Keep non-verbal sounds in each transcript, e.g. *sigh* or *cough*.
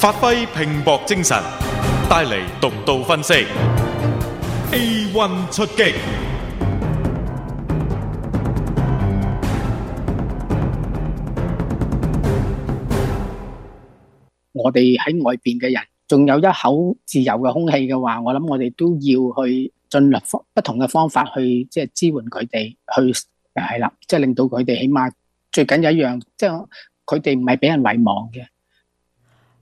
發揮拼搏精神，帶嚟獨到分析。A one 出擊，我哋喺外面嘅人，仲有一口自由嘅空氣嘅話，我諗我哋都要去盡力方不同嘅方法去即係支援佢哋，去係啦，即係令到佢哋起碼最緊要一樣，即係佢哋唔係俾人遺忘嘅。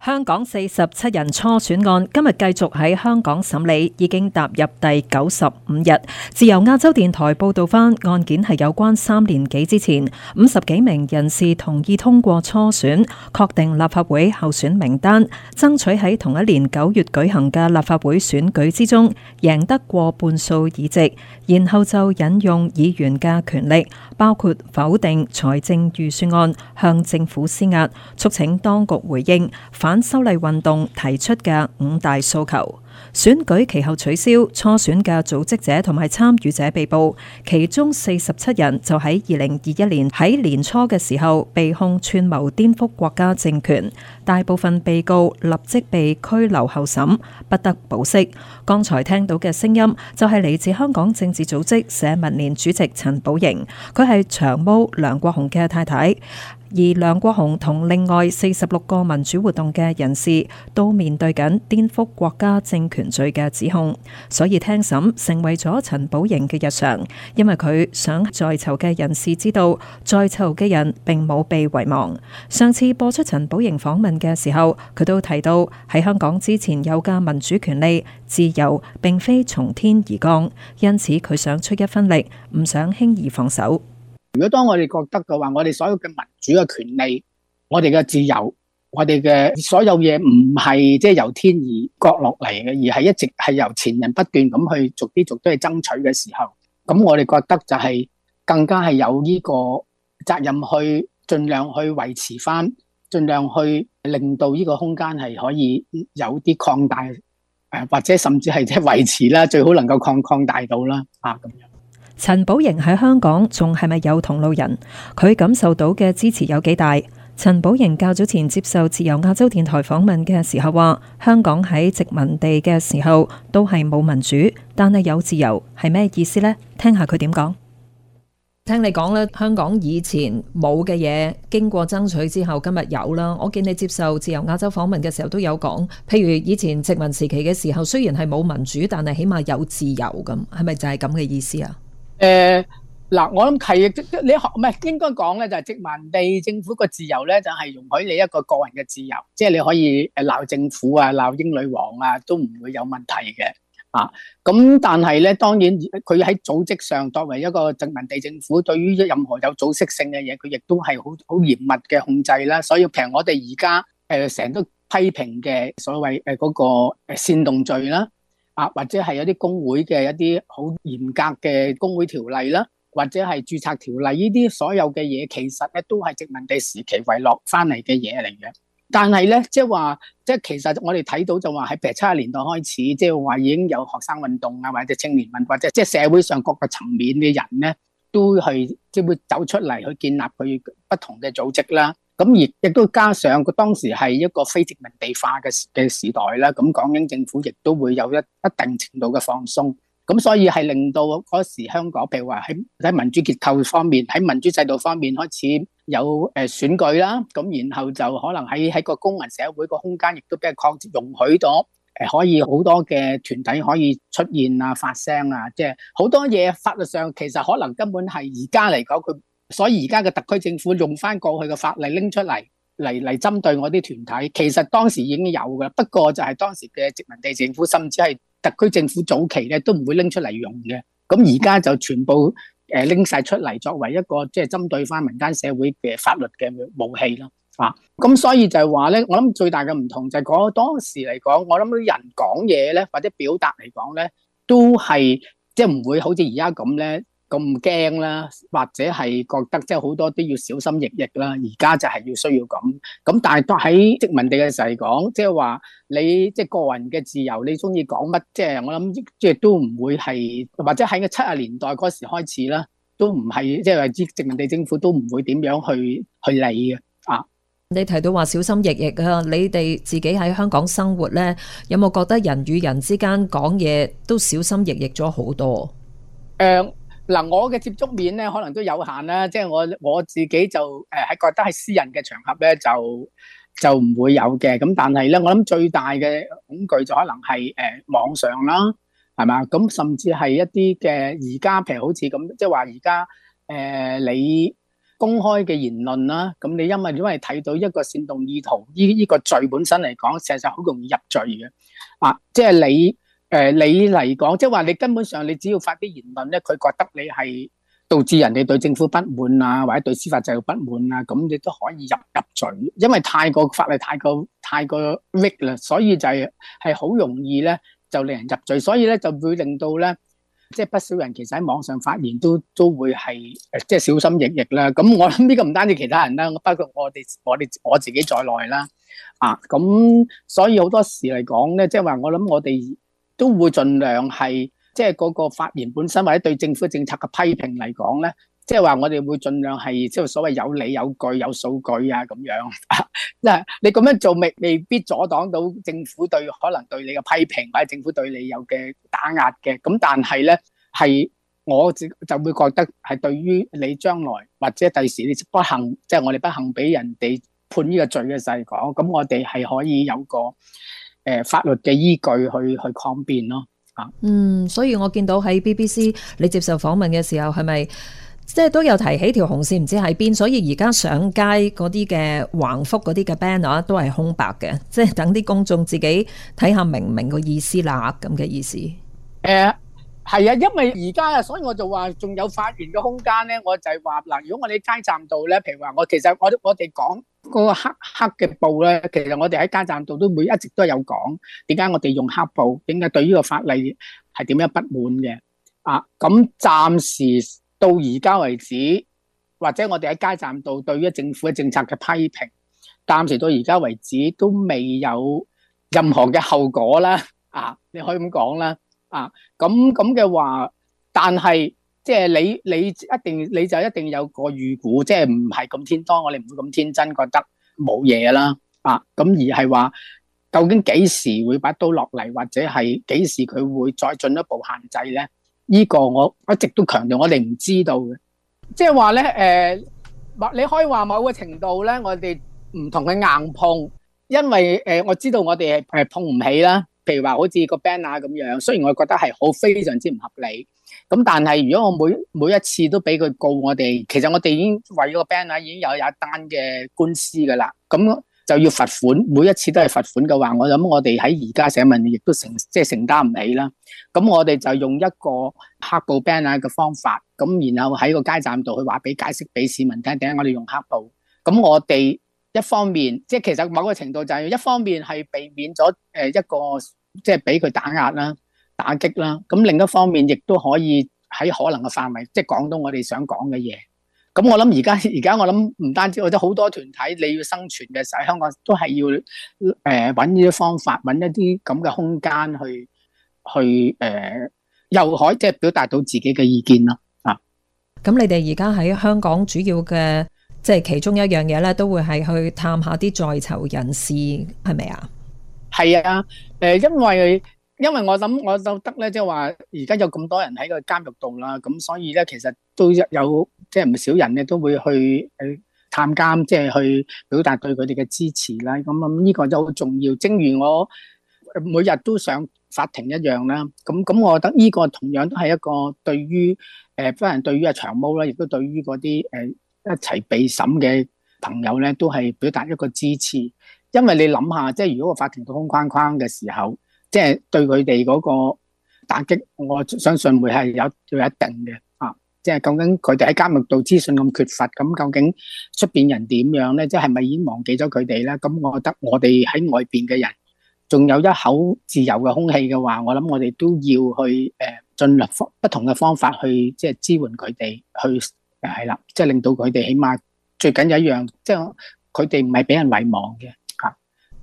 香港四十七人初選案今日繼續喺香港審理，已經踏入第九十五日。自由亞洲電台報道翻，案件係有關三年幾之前，五十幾名人士同意通過初選，確定立法會候選名單，爭取喺同一年九月舉行嘅立法會選舉之中贏得過半數議席，然後就引用議員嘅權力，包括否定財政預算案，向政府施壓，促請當局回應。反修例運動提出嘅五大訴求，選舉期後取消初選嘅組織者同埋參與者被捕，其中四十七人就喺二零二一年喺年初嘅時候被控串謀顛覆國家政權，大部分被告立即被拘留候審，不得保釋。剛才聽到嘅聲音就係嚟自香港政治組織社民連主席陳寶瑩，佢係長毛梁國雄嘅太太。而梁國雄同另外四十六個民主活動嘅人士都面對緊顛覆國家政權罪嘅指控，所以聽審成為咗陳寶瑩嘅日常。因為佢想在囚嘅人士知道，在囚嘅人並冇被遺忘。上次播出陳寶瑩訪問嘅時候，佢都提到喺香港之前有嘅民主權利、自由，並非從天而降，因此佢想出一分力，唔想輕易放手。如果當我哋覺得嘅話，我哋所有嘅民主嘅權利，我哋嘅自由，我哋嘅所有嘢唔係即係由天而降落嚟嘅，而係一直係由前人不斷咁去逐啲逐啲去爭取嘅時候，咁我哋覺得就係更加係有呢個責任去盡量去維持翻，盡量去令到呢個空間係可以有啲擴大，誒或者甚至係即係維持啦，最好能夠擴擴大到啦，啊咁樣。陳寶瑩喺香港仲係咪有同路人？佢感受到嘅支持有幾大？陳寶瑩較早前接受自由亞洲電台訪問嘅時候話：香港喺殖民地嘅時候都係冇民主，但係有自由係咩意思呢？聽下佢點講。聽你講啦，香港以前冇嘅嘢，經過爭取之後今日有啦。我見你接受自由亞洲訪問嘅時候都有講，譬如以前殖民時期嘅時候雖然係冇民主，但係起碼有自由咁，係咪就係咁嘅意思啊？誒，嗱，我諗係你學唔係應該講咧，就係殖民地政府個自由咧，就係容許你一個個人嘅自由，即係你可以誒鬧政府啊，鬧英女王啊，都唔會有問題嘅啊。咁但係咧，當然佢喺組織上作為一個殖民地政府，對於任何有組織性嘅嘢，佢亦都係好好嚴密嘅控制啦。所以平我哋而家誒成日都批評嘅所謂誒嗰個誒煽動罪啦。啊，或者係有啲工會嘅一啲好嚴格嘅工會條例啦，或者係註冊條例呢啲所有嘅嘢，其實咧都係殖民地時期遺落翻嚟嘅嘢嚟嘅。但係咧，即係話，即係其實我哋睇到就話喺譬如七十年代開始，即係話已經有學生運動啊，或者青年運動，或者即係社會上各個層面嘅人咧，都係即係會走出嚟去建立佢不同嘅組織啦。咁而亦都加上佢當時係一個非殖民地化嘅嘅時代啦，咁港英政府亦都會有一一定程度嘅放鬆，咁所以係令到嗰時香港，譬如話喺喺民主結構方面，喺民主制度方面開始有誒選舉啦，咁然後就可能喺喺個公民社會個空間亦都比較擴展容許咗誒，可以好多嘅團體可以出現啊、發聲啊，即係好多嘢法律上其實可能根本係而家嚟講佢。所以而家嘅特區政府用翻過去嘅法例拎出嚟嚟嚟針對我啲團體，其實當時已經有噶，不過就係當時嘅殖民地政府，甚至係特區政府早期咧都唔會拎出嚟用嘅。咁而家就全部誒拎晒出嚟，作為一個即係針對翻民間社會嘅法律嘅武器咯。啊，咁所以就係話咧，我諗最大嘅唔同就係講、那個、當時嚟講，我諗啲人講嘢咧，或者表達嚟講咧，都係即係唔會好似而家咁咧，咁驚啦，或者係覺得即係好多都要小心翼翼啦。而家就係要需要咁咁，但係都喺殖民地嘅時嚟講，即係話你即係個人嘅自由，你中意講乜，即係我諗即係都唔會係，或者喺個七十年代嗰時開始啦，都唔係即係話殖民地政府都唔會點樣去去理嘅啊。你提到話小心翼翼啊，你哋自己喺香港生活咧，有冇覺得人與人之間講嘢都小心翼翼咗好多？嗯。嗱，我嘅接觸面咧，可能都有限啦，即係我我自己就誒喺覺得係私人嘅場合咧，就就唔會有嘅。咁但係咧，我諗最大嘅恐懼就可能係誒網上啦，係嘛？咁甚至係一啲嘅而家譬如好似咁，即係話而家誒你公開嘅言論啦，咁你因為因為睇到一個煽動意圖，呢呢個罪本身嚟講，事實上好容易入罪嘅啊，即係你。誒，你嚟講，即係話你根本上，你只要發啲言論咧，佢覺得你係導致人哋對政府不滿啊，或者對司法制度不滿啊，咁你都可以入入罪，因為律太過法例太過太過逼啦，所以就係係好容易咧就令人入罪，所以咧就會令到咧即係不少人其實喺網上發言都都會係誒即係小心翼翼啦。咁我諗呢個唔單止其他人啦，包括我哋我哋我自己在內啦，啊，咁所以好多時嚟講咧，即係話我諗我哋。都會盡量係，即係嗰個發言本身，或者對政府政策嘅批評嚟講咧，即係話我哋會盡量係即係所謂有理有據有數據啊咁樣 *laughs* 法律嘅依據去去抗辯咯，嗯，所以我見到喺 BBC 你接受訪問嘅時候是是，係咪即係都有提起條紅線唔知喺邊，所以而家上街嗰啲嘅橫幅，嗰啲嘅 banner 都係空白嘅，即係等啲公眾自己睇下明唔明個意思啦，咁嘅意思。欸係啊，因為而家啊，所以我就話仲有發言嘅空間咧。我就係話嗱，如果我哋喺街站度咧，譬如話我其實我我哋講個黑黑嘅布咧，其實我哋喺街站度都每一直都有講點解我哋用黑布，點解對於個法例係點樣不滿嘅啊？咁暫時到而家為止，或者我哋喺街站度對於政府嘅政策嘅批評，暫時到而家為止都未有任何嘅後果啦。啊，你可以咁講啦。啊，咁咁嘅話，但係即係你你一定你就一定有個預估，即係唔係咁天多，我哋唔會咁天真覺得冇嘢啦。啊，咁而係話究竟幾時會把刀落嚟，或者係幾時佢會再進一步限制咧？呢個我一直都強調，我哋唔知道嘅，即係話咧，誒，你可以話某個程度咧，我哋唔同佢硬碰，因為誒我知道我哋係誒碰唔起啦。譬如話好似個 banner 咁樣，雖然我覺得係好非常之唔合理，咁但係如果我每每一次都俾佢告我哋，其實我哋已經為咗個 banner 已經有一單嘅官司㗎啦，咁就要罰款，每一次都係罰款嘅話，我諗我哋喺而家社民亦都承即係、就是、承擔唔起啦。咁我哋就用一個黑布 banner 嘅方法，咁然後喺個街站度去話俾解釋俾市民聽，點解我哋用黑布。咁我哋一方面即係其實某個程度就係一方面係避免咗誒一個。即係俾佢打壓啦，打擊啦，咁另一方面亦都可以喺可能嘅範圍，即係講到我哋想講嘅嘢。咁我諗而家而家我諗唔單止或者好多團體你要生存嘅時候，喺香港都係要誒，搵呢啲方法，搵一啲咁嘅空間去去誒、呃，又可即係表達到自己嘅意見咯。啊，咁你哋而家喺香港主要嘅即係其中一樣嘢咧，都會係去探下啲在囚人士係咪啊？是係啊，誒，因為因為我諗，我覺得咧，即係話而家有咁多人喺個監獄度啦，咁所以咧，其實都有即係唔少人咧都會去去探監，即係去表達對佢哋嘅支持啦。咁咁呢個就好重要，正如我每日都上法庭一樣啦。咁咁，我覺得呢個同樣都係一個對於誒，不單係對於阿長毛啦，亦都對於嗰啲誒一齊被審嘅朋友咧，都係表達一個支持。因為你諗下，即係如果個法庭都空框框嘅時候，即係對佢哋嗰個打擊，我相信會係有有一定嘅啊！即係究竟佢哋喺監獄度資訊咁缺乏，咁究竟出邊人點樣咧？即係係咪已經忘記咗佢哋咧？咁我覺得我哋喺外邊嘅人，仲有一口自由嘅空氣嘅話，我諗我哋都要去誒，盡力方不同嘅方法去即係支援佢哋，去係啦，即係令到佢哋起碼最緊要一樣，即係佢哋唔係俾人遺忘嘅。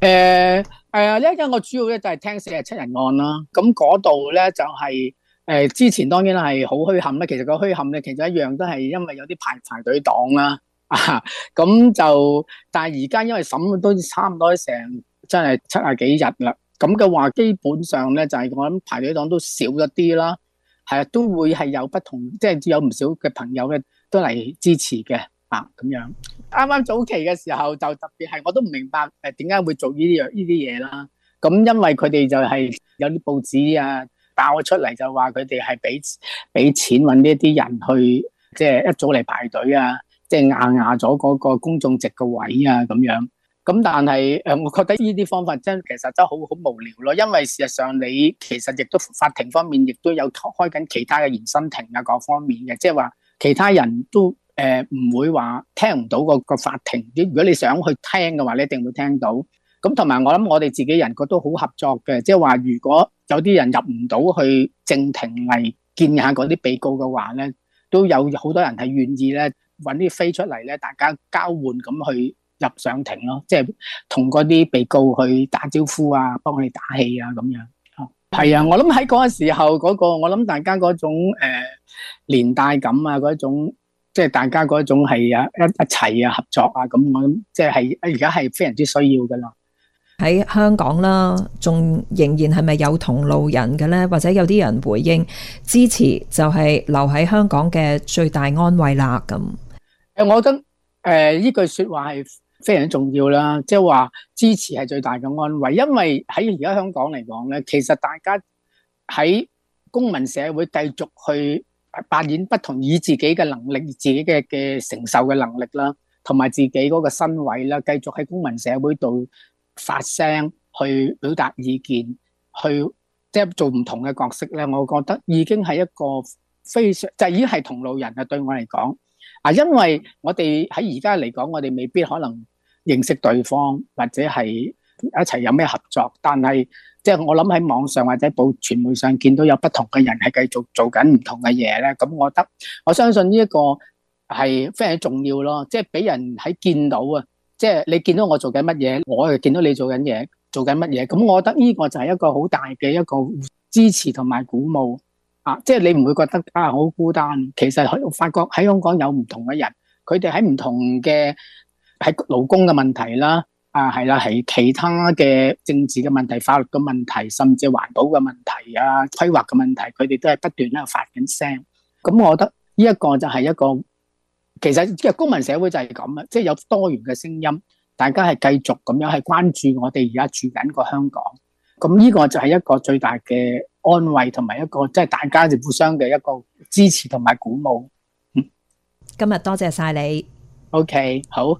誒、呃，係啊，呢一間我主要咧就係聽四十七人案啦，咁嗰度咧就係、是、誒，之前當然係好墟冚啦，其實個墟冚咧，其實一樣都係因為有啲排排隊黨啦，啊，咁就但係而家因為審都差唔多成，真係七廿幾日啦，咁嘅話基本上咧就係、是、我諗排隊黨都少咗啲啦，係啊，都會係有不同，即、就、係、是、有唔少嘅朋友嘅都嚟支持嘅。啊，咁樣，啱啱早期嘅時候就特別係，我都唔明白誒，點解會做呢啲呢啲嘢啦？咁因為佢哋就係有啲報紙啊爆咗出嚟，就話佢哋係俾俾錢搵呢啲人去，即係一早嚟排隊啊，即係壓壓咗嗰個公眾席個位啊，咁樣。咁但係誒，我覺得呢啲方法真其實真係好好無聊咯，因為事實上你其實亦都法庭方面亦都有開緊其他嘅延伸庭啊，各方面嘅，即係話其他人都。誒唔會話聽唔到個法庭。如果你想去聽嘅話，你一定會聽到。咁同埋我諗，我哋自己人覺得都好合作嘅。即係話，如果有啲人入唔到去正庭嚟見下嗰啲被告嘅話咧，都有好多人係願意咧揾啲飛出嚟咧，大家交換咁去入上庭咯。即係同嗰啲被告去打招呼啊，幫佢哋打氣啊咁樣。係啊，我諗喺嗰個時候嗰個，我諗大家嗰種誒連帶感啊，嗰種。即係大家嗰種，係啊，一一齊啊合作啊，咁我諗，即係而家係非常之需要噶啦。喺香港啦，仲仍然係咪有同路人嘅咧？或者有啲人回應支持，就係留喺香港嘅最大安慰啦。咁誒，我覺得誒呢句說話係非常之重要啦。即係話支持係最大嘅安慰，因為喺而家香港嚟講咧，其實大家喺公民社會繼續去。扮演不同以自己嘅能力、自己嘅嘅承受嘅能力啦，同埋自己嗰個身位啦，繼續喺公民社會度發聲去表達意見去即係、就是、做唔同嘅角色咧。我覺得已經係一個非常就、已經係同路人啊。對我嚟講啊，因為我哋喺而家嚟講，我哋未必可能認識對方或者係。一齊有咩合作？但係即係我諗喺網上或者報傳媒上見到有不同嘅人係繼續做緊唔同嘅嘢咧，咁我覺得我相信呢一個係非常之重要咯。即係俾人喺見到啊，即係你見到我做緊乜嘢，我又見到你做緊嘢，做緊乜嘢。咁我覺得呢個就係一個好大嘅一個支持同埋鼓舞啊！即係你唔會覺得啊好孤單？其實我發覺喺香港有唔同嘅人，佢哋喺唔同嘅喺勞工嘅問題啦。啊，係啦，係其他嘅政治嘅問題、法律嘅問題，甚至係環保嘅問題啊、規劃嘅問題，佢哋都係不斷喺度發緊聲。咁我覺得呢一個就係一個，其實即係公民社會就係咁啊，即係有多元嘅聲音，大家係繼續咁樣係關注我哋而家住緊個香港。咁呢個就係一個最大嘅安慰，同埋一個即係大家就互相嘅一個支持同埋鼓舞。嗯，今日多謝晒你。OK，好。